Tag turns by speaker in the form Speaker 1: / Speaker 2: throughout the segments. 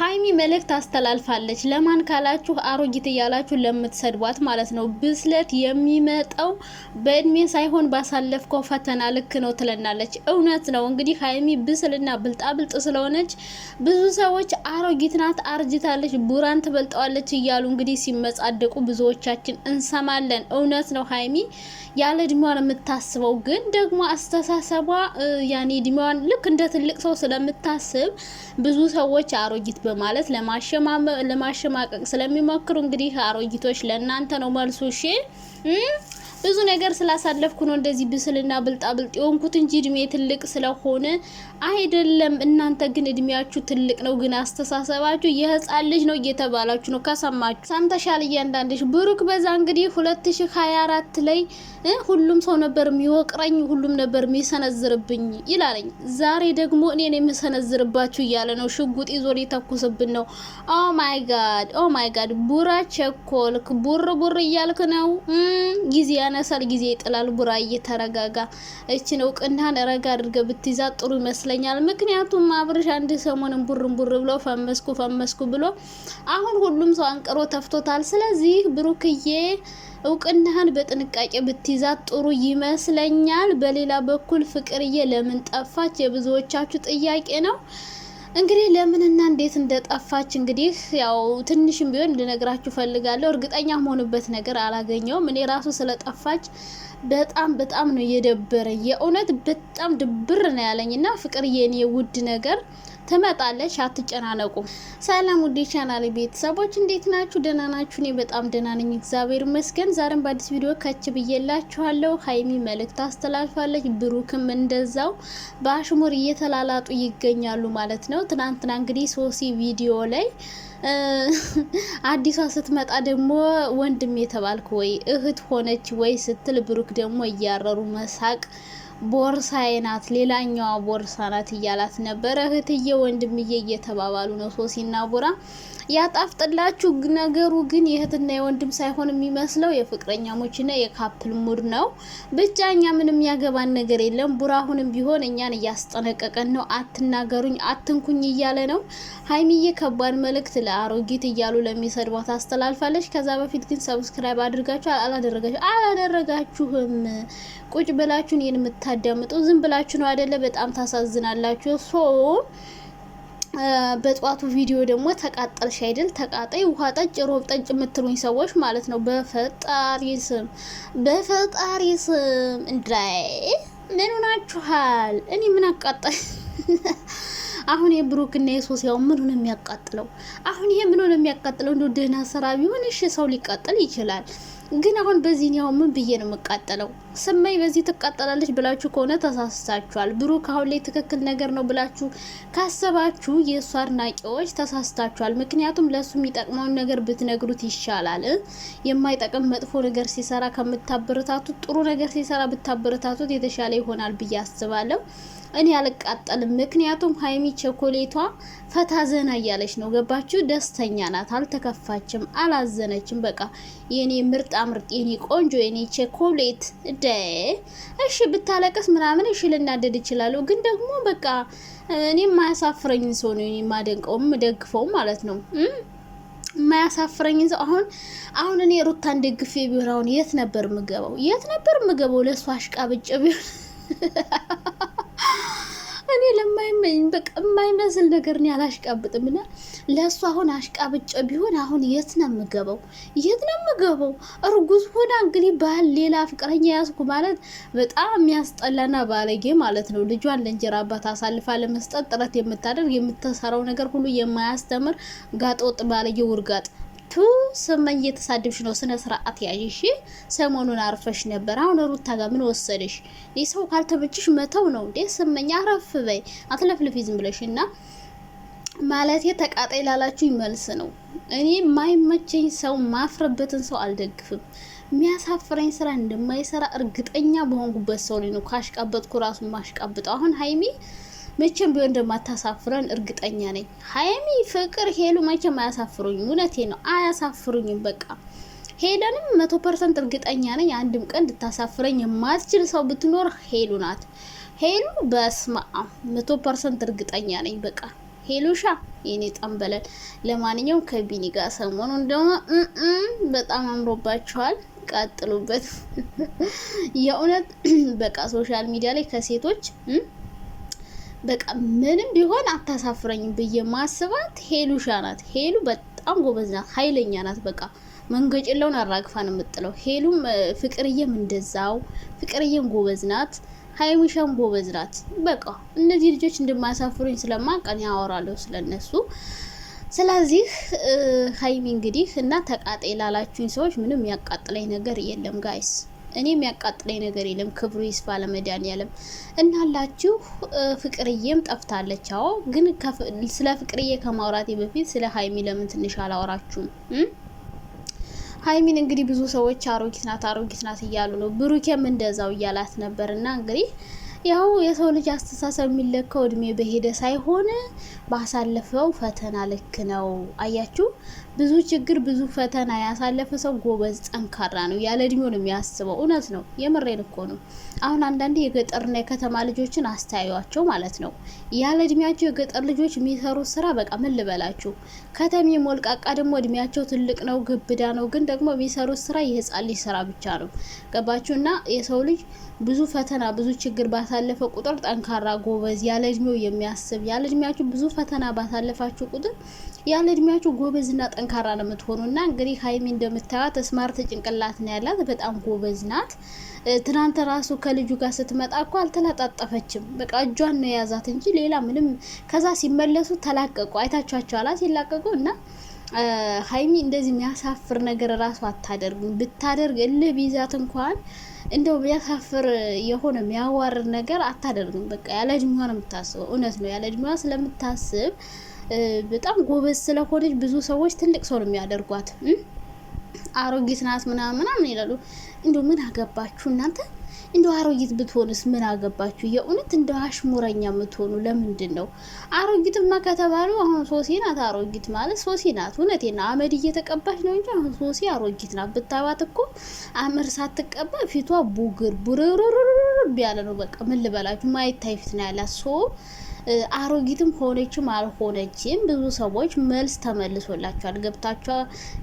Speaker 1: ሀይሚ መልእክት አስተላልፋለች። ለማን ካላችሁ አሮጊት እያላችሁ ለምትሰድቧት ማለት ነው። ብስለት የሚመጣው በእድሜ ሳይሆን ባሳለፍከው ፈተና ልክ ነው ትለናለች። እውነት ነው። እንግዲህ ሀይሚ ብስልና ብልጣብልጥ ስለሆነች ብዙ ሰዎች አሮጊት ናት፣ አርጅታለች፣ ቡራን ትበልጠዋለች እያሉ እንግዲህ ሲመጻደቁ ብዙዎቻችን እንሰማለን። እውነት ነው። ሀይሚ ያለ እድሜዋን የምታስበው ግን ደግሞ አስተሳሰቧ ያኔ እድሜዋን ልክ እንደ ትልቅ ሰው ስለምታስብ ብዙ ሰዎች አሮጊት በማለት ለማሸማቀቅ ስለሚሞክሩ እንግዲህ አሮጊቶች ለእናንተ ነው መልሱ። እሺ ብዙ ነገር ስላሳለፍኩ ነው እንደዚህ ብስልና ብልጣብልጥ የሆንኩት እንጂ እድሜ ትልቅ ስለሆነ አይደለም። እናንተ ግን እድሜያችሁ ትልቅ ነው፣ ግን አስተሳሰባችሁ የህፃን ልጅ ነው እየተባላችሁ ነው። ከሰማችሁ ሰምተሻል። እያንዳንድሽ ብሩክ በዛ እንግዲህ ሁለት ሺ ሀያ አራት ላይ ሁሉም ሰው ነበር የሚወቅረኝ፣ ሁሉም ነበር የሚሰነዝርብኝ ይላለኝ። ዛሬ ደግሞ እኔን የምሰነዝርባችሁ እያለ ነው። ሽጉጥ ይዞ ሊተኩስብን ነው። ኦ ማይ ጋድ ኦ ማይ ጋድ! ቡራ ቸኮልክ፣ ቡር ቡር እያልክ ነው ጊዜ ያነሳል፣ ጊዜ ይጥላል። ቡራዬ ተረጋጋ። እችን እውቅናን ረጋ አድርገ ብትይዛት ጥሩ ይመስለኛል። ምክንያቱም አብርሽ አንድ ሰሞንን ቡርን ቡር ብሎ ፈመስኩ ፈመስኩ ብሎ አሁን ሁሉም ሰው አንቅሮ ተፍቶታል። ስለዚህ ብሩክዬ እውቅናህን በጥንቃቄ ብትይዛት ጥሩ ይመስለኛል። በሌላ በኩል ፍቅርዬ ለምን ጠፋች የብዙዎቻችሁ ጥያቄ ነው። እንግዲህ ለምንና እንዴት እንደጠፋች እንግዲህ ያው ትንሽም ቢሆን ልነግራችሁ ፈልጋለሁ። እርግጠኛ መሆንበት ነገር አላገኘውም። እኔ ራሱ ስለጠፋች በጣም በጣም ነው የደበረ የእውነት በጣም ድብር ነው ያለኝ እና ፍቅር የኔ ውድ ነገር ትመጣለች፣ አትጨናነቁ። ሰላም ውዴ ቻናል ቤተሰቦች እንዴት ናችሁ? ደህና ናችሁ? እኔ በጣም ደህና ነኝ፣ እግዚአብሔር ይመስገን። ዛሬም በአዲስ ቪዲዮ ከች ብዬላችኋለሁ። ሀይሚ መልእክት አስተላልፋለች፣ ብሩክም እንደዛው በአሽሙር እየተላላጡ ይገኛሉ ማለት ነው። ትናንትና እንግዲህ ሶሲ ቪዲዮ ላይ አዲሷ ስትመጣ ደግሞ ወንድም የተባልክ ወይ እህት ሆነች ወይ ስትል ብሩክ ደግሞ እያረሩ መሳቅ ቦርሳዬ ናት፣ ሌላኛዋ ቦርሳ ናት እያላት ነበረ። እህትዬ ወንድምዬ እየተባባሉ ነው ሶሲና ቡራ። ያጣፍጥላችሁ ነገሩ ግን የእህትና የወንድም ሳይሆን የሚመስለው የፍቅረኛሞችና የካፕል ሙድ ነው። ብቻ እኛ ምንም ያገባን ነገር የለም። ቡራ አሁንም ቢሆን እኛን እያስጠነቀቀን ነው። አትናገሩኝ፣ አትንኩኝ እያለ ነው። ሀይሚዬ ከባድ መልእክት ለአሮጊት እያሉ ለሚሰድቧት አስተላልፋለች። ከዛ በፊት ግን ሰብስክራይብ አድርጋችሁ አላደረጋችሁ አላደረጋችሁም ቁጭ ብላችሁን የንምታ የምታዳምጡ ዝም ብላችሁ ነው አይደለ? በጣም ታሳዝናላችሁ። ሶ በጠዋቱ ቪዲዮ ደግሞ ተቃጠልሽ አይደል? ተቃጣይ፣ ውሃ ጠጭ፣ ሮብ ጠጭ የምትሉኝ ሰዎች ማለት ነው። በፈጣሪ ስም በፈጣሪ ስም እንዳይ ምን ሆናችኋል? እኔ ምን አቃጠል አሁን እና የሶስ ያው ምን ነው የሚያቃጥለው? አሁን ይሄ ምን ሆነ የሚያቃጥለው? እንደው ደህና ስራ ቢሆን እሺ፣ ሰው ሊቃጠል ይችላል። ግን አሁን በዚህ ያው ምን ብዬ ነው የምቃጠለው? ሰማይ በዚህ ትቃጠላለች ብላችሁ ከሆነ ተሳስታችኋል። ብሩክ አሁን ላይ ትክክል ነገር ነው ብላችሁ ካሰባችሁ የእሱ አድናቂዎች ተሳስታችኋል። ምክንያቱም ለእሱ የሚጠቅመውን ነገር ብትነግሩት ይሻላል። የማይጠቅም መጥፎ ነገር ሲሰራ ከምታበረታቱት፣ ጥሩ ነገር ሲሰራ ብታበረታቱት የተሻለ ይሆናል ብዬ አስባለሁ። እኔ አልቃጠልም። ምክንያቱም ሀይሚ ቸኮሌቷ ፈታ ዘና እያለች ነው። ገባችሁ? ደስተኛ ናት፣ አልተከፋችም፣ አላዘነችም። በቃ የኔ ምርጣ ምርጥ፣ የኔ ቆንጆ፣ የኔ ቸኮሌት ደ እሺ፣ ብታለቀስ ምናምን እሺ፣ ልናደድ ይችላለሁ። ግን ደግሞ በቃ እኔ የማያሳፍረኝን ሰው ነው እኔ የማደንቀውም ደግፈው ማለት ነው የማያሳፍረኝ ሰው አሁን አሁን እኔ ሩታን ደግፌ ቢሆን አሁን የት ነበር ምገበው? የት ነበር ምገባው? ለእሷ አሽቃብጬ ቢሆን ለማይመኝ በቃ የማይመስል ነገር እኔ አላሽቃብጥም። እና ለእሱ አሁን አሽቃብጨ ቢሆን አሁን የት ነው የምገባው? የት ነው የምገባው? እርጉዝ ሆና እንግዲህ ባል ሌላ ፍቅረኛ ያዝኩ ማለት በጣም የሚያስጠላና ባለጌ ማለት ነው። ልጇን ለእንጀራ አባት አሳልፋ ለመስጠት ጥረት የምታደርግ የምትሰራው ነገር ሁሉ የማያስተምር ጋጠወጥ ባለጌ ውርጋጥ ቱ ስመኝ እየተሳደብሽ ነው። ስነ ስርዓት ያዥሽ። ሰሞኑን አርፈሽ ነበር። አሁን ሩታ ጋር ምን ወሰደሽ? ይህ ሰው ካልተመችሽ መተው ነው እንዴ? ስመኝ አረፍ በይ፣ አትለፍልፊ ዝም ብለሽ እና ማለት ተቃጣይ ላላችሁ ይመልስ ነው። እኔ የማይመቸኝ ሰው ማፍረበትን ሰው አልደግፍም። የሚያሳፍረኝ ስራ እንደማይሰራ እርግጠኛ በሆንኩበት ሰው ላይ ነው ካሽቃበጥኩ ማሽቃብጠው። አሁን ሀይሚ መቼም ቢሆን እንደማታሳፍረን እርግጠኛ ነኝ። ሀይሚ፣ ፍቅር፣ ሄሉ መቼም አያሳፍሩኝም። እውነቴ ነው አያሳፍሩኝም። በቃ ሄደንም መቶ ፐርሰንት እርግጠኛ ነኝ አንድም ቀን እንድታሳፍረኝ የማትችል ሰው ብትኖር ሄሉ ናት። ሄሉ በስማ መቶ ፐርሰንት እርግጠኛ ነኝ። በቃ ሄሉሻ የኔ ጠንበለን። ለማንኛውም ከቢኒ ጋር ሰሞኑን ደግሞ በጣም አምሮባቸዋል። ቀጥሉበት። የእውነት በቃ ሶሻል ሚዲያ ላይ ከሴቶች በቃ ምንም ቢሆን አታሳፍረኝም ብዬ ማስባት ሄሉሻ ናት። ሄሉ በጣም ጎበዝ ናት፣ ኃይለኛ ናት። በቃ መንገጭለውን አራግፋ ነው የምጥለው። ሄሉም ፍቅርዬም እንደዛው፣ ፍቅርዬም ጎበዝ ናት። ሀይሚሻም ጎበዝ ናት። በቃ እነዚህ ልጆች እንደማያሳፍሩኝ ስለማቀን ያወራለሁ ስለነሱ። ስለዚህ ሀይሚ እንግዲህ እና ተቃጤ ላላችሁኝ ሰዎች ምንም ያቃጥለኝ ነገር የለም ጋይስ እኔ የሚያቃጥለኝ ነገር የለም። ክብሩ ይስፋ ለመድኃኒዓለም እናላችሁ። ፍቅርዬም ጠፍታለች። አዎ፣ ግን ስለ ፍቅርዬ ከማውራቴ በፊት ስለ ሀይሚ ለምን ትንሽ አላወራችሁም? ሀይሚን እንግዲህ ብዙ ሰዎች አሮጊት ናት አሮጊት ናት እያሉ ነው። ብሩኬም እንደዛው እያላት ነበር እና እንግዲህ ያው የሰው ልጅ አስተሳሰብ የሚለካው እድሜ በሄደ ሳይሆን ባሳለፈው ፈተና ልክ ነው። አያችሁ፣ ብዙ ችግር ብዙ ፈተና ያሳለፈ ሰው ጎበዝ፣ ጠንካራ ነው። ያለ እድሜው ነው የሚያስበው። እውነት ነው። የምሬን እኮ ነው። አሁን አንዳንዴ የገጠርና የከተማ ልጆችን አስተያዩቸው ማለት ነው። ያለ እድሜያቸው የገጠር ልጆች የሚሰሩት ስራ በቃ ምን ልበላችሁ። ከተሜ ሞልቃቃ ደግሞ እድሜያቸው ትልቅ ነው፣ ግብዳ ነው። ግን ደግሞ የሚሰሩት ስራ የህፃን ልጅ ስራ ብቻ ነው። ገባችሁ? እና የሰው ልጅ ብዙ ፈተና ብዙ ችግር ባሳለፈ ቁጥር ጠንካራ፣ ጎበዝ፣ ያለ እድሜው የሚያስብ ያለ እድሜያችሁ ብዙ ፈተና ባሳለፋችሁ ቁጥር ያለ እድሜያችሁ ጎበዝና ጠንካራ ነው የምትሆኑና እንግዲህ ሀይሚ እንደምታዩት ስማርት ጭንቅላት ነው ያላት። በጣም ጎበዝ ናት። ትናንት ራሱ ከልጁ ጋር ስትመጣ እኮ አልተላጣጠፈችም። በቃ እጇን ነው የያዛት እንጂ ሌላ ምንም። ከዛ ሲመለሱ ተላቀቁ። አይታችኋቸኋላ ሲላቀቁ እና ሀይሚ እንደዚህ የሚያሳፍር ነገር ራሱ አታደርግም። ብታደርግ እልህ ቢይዛት እንኳን እንደው የሚያሳፍር የሆነ የሚያዋርድ ነገር አታደርግም። በቃ ያለ እድሜዋ ነው የምታስበው። እውነት ነው ያለ እድሜዋ ስለምታስብ በጣም ጎበዝ ስለሆነች ብዙ ሰዎች ትልቅ ሰው ነው የሚያደርጓት። አሮጊት ናት ምናምን ምናምን ይላሉ። እንደው ምን አገባችሁ እናንተ እንደ አሮጊት ብትሆንስ ምን አገባችሁ? የእውነት እንደ አሽሙረኛ የምትሆኑ ለምንድን ነው? አሮጊትማ ከተባሉ አሁን ሶሲ ናት። አሮጊት ማለት ሶሲ ናት። እውነቴን አመድ እየተቀባች ነው እንጂ አሁን ሶሲ አሮጊት ናት። ብታባት እኮ አመድ ሳትቀባ ፊቷ ቡግር ቡርርርርር ያለ ነው። በቃ ምን ልበላችሁ፣ ማይታይ ፊት ነው ያላት ሶ አሮጊትም ሆነችም አልሆነችም ብዙ ሰዎች መልስ ተመልሶላቸዋል። ገብታችኋ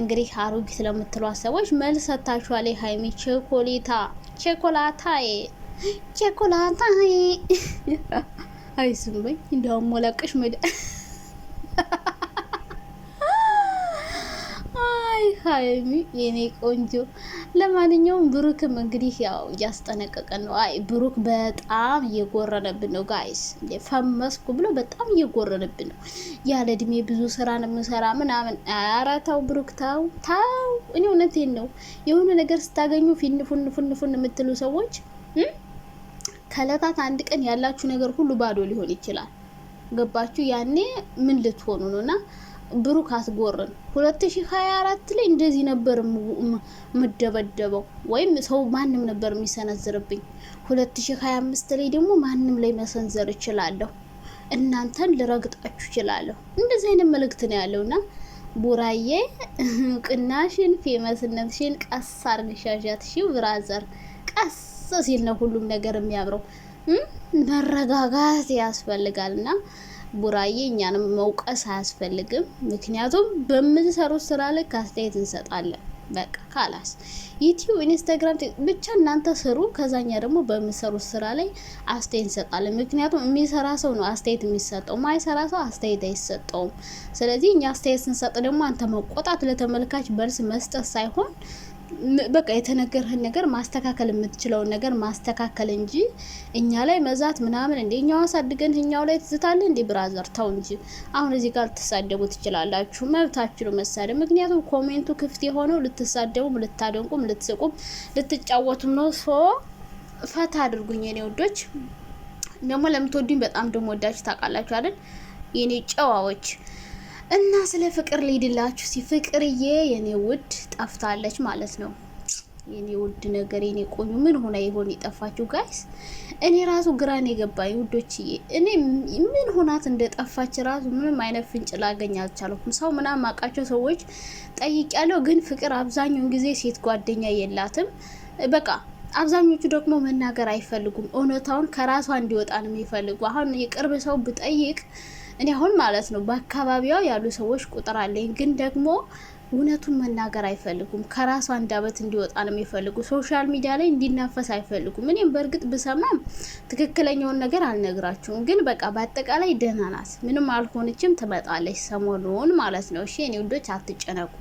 Speaker 1: እንግዲህ አሮጊት ለምትሏት ሰዎች መልስ ሰጥታችኋል። ሀይሚ ቸኮሌታ ቸኮላታዬ ቸኮላታዬ አይስም በይ እንዲያውም ሞለቅሽ መድ ሀይሚ የኔ ቆንጆ። ለማንኛውም ብሩክም እንግዲህ ያው እያስጠነቀቀን ነው። አይ ብሩክ በጣም እየጎረነብን ነው ጋይስ፣ ፈመስኩ ብሎ በጣም እየጎረነብን ነው። ያለ እድሜ ብዙ ስራ ነው የምሰራ ምናምን። ኧረ ተው ብሩክ ተው ተው። እኔ እውነቴን ነው። የሆነ ነገር ስታገኙ ፊንፉንፉንፉን የምትሉ ሰዎች ከእለታት አንድ ቀን ያላችሁ ነገር ሁሉ ባዶ ሊሆን ይችላል። ገባችሁ? ያኔ ምን ልትሆኑ ነው እና ብሩክ አስጎርን 2024 ላይ እንደዚህ ነበር የምደበደበው ወይም ሰው ማንም ነበር የሚሰነዝርብኝ። 2025 ላይ ደግሞ ማንም ላይ መሰንዘር እችላለሁ፣ እናንተን ልረግጣችሁ እችላለሁ። እንደዚህ አይነት መልእክት ነው ያለውና ቡራዬ ቅናሽን፣ ፌመስነትሽን ቀስ አርግሻዣትሽ ብራዘር ቀስ ሲል ነው ሁሉም ነገር የሚያምረው። መረጋጋት ያስፈልጋልና ቡራዬ እኛንም መውቀስ አያስፈልግም። ምክንያቱም በምትሰሩት ስራ ልክ አስተያየት እንሰጣለን። በቃ ካላስ ዩቲዩብ፣ ኢንስታግራም ብቻ እናንተ ስሩ። ከዛኛ ደግሞ በምትሰሩት ስራ ላይ አስተያየት እንሰጣለን። ምክንያቱም የሚሰራ ሰው ነው አስተያየት የሚሰጠው፣ ማይሰራ ሰው አስተያየት አይሰጠውም። ስለዚህ እኛ አስተያየት ስንሰጥ ደግሞ አንተ መቆጣት፣ ለተመልካች መልስ መስጠት ሳይሆን በቃ የተነገርህን ነገር ማስተካከል የምትችለውን ነገር ማስተካከል እንጂ እኛ ላይ መዛት ምናምን እንዴ እኛው አሳድገን እኛው ላይ ትዝታለ እንዴ? ብራዘር ተው እንጂ። አሁን እዚህ ጋር ልትሳደቡ ትችላላችሁ፣ መብታችሁ ነው መሳደብ። ምክንያቱም ኮሜንቱ ክፍት የሆነው ልትሳደቡም፣ ልታደንቁም፣ ልትስቁም፣ ልትጫወቱም ነው። ሶ ፈታ አድርጉኝ የኔ ወዶች። ደግሞ ለምትወዱኝ በጣም ደሞ ወዳችሁ ታውቃላችሁ አይደል የኔ ጨዋዎች እና ስለ ፍቅር ሊድላችሁ ሲ ፍቅርዬ የኔ ውድ ጠፍታለች ማለት ነው። የኔ ውድ ነገር የኔ ቆዩ ምን ሆና ይሆን የጠፋችሁ ጋይስ? እኔ ራሱ ግራን የገባኝ ውዶችዬ፣ እኔ ምን ሆናት እንደጠፋች ራሱ ምንም አይነት ፍንጭ ላገኝ አልቻለሁም። ሰው ምናምን አውቃቸው ሰዎች ጠይቄያለሁ፣ ግን ፍቅር አብዛኛውን ጊዜ ሴት ጓደኛ የላትም በቃ አብዛኞቹ ደግሞ መናገር አይፈልጉም። እውነታውን ከራሷ እንዲወጣ ነው የሚፈልጉ። አሁን የቅርብ ሰው ብጠይቅ እኔ አሁን ማለት ነው በአካባቢዋ ያሉ ሰዎች ቁጥር አለኝ፣ ግን ደግሞ እውነቱን መናገር አይፈልጉም። ከራሷ አንደበት እንዲወጣ ነው የሚፈልጉ። ሶሻል ሚዲያ ላይ እንዲናፈስ አይፈልጉም። እኔም በእርግጥ ብሰማም ትክክለኛውን ነገር አልነግራችሁም። ግን በቃ በአጠቃላይ ደህና ናት፣ ምንም አልሆነችም። ትመጣለች ሰሞኑን ማለት ነው። እሺ እኔ ውዶች አትጨነቁ።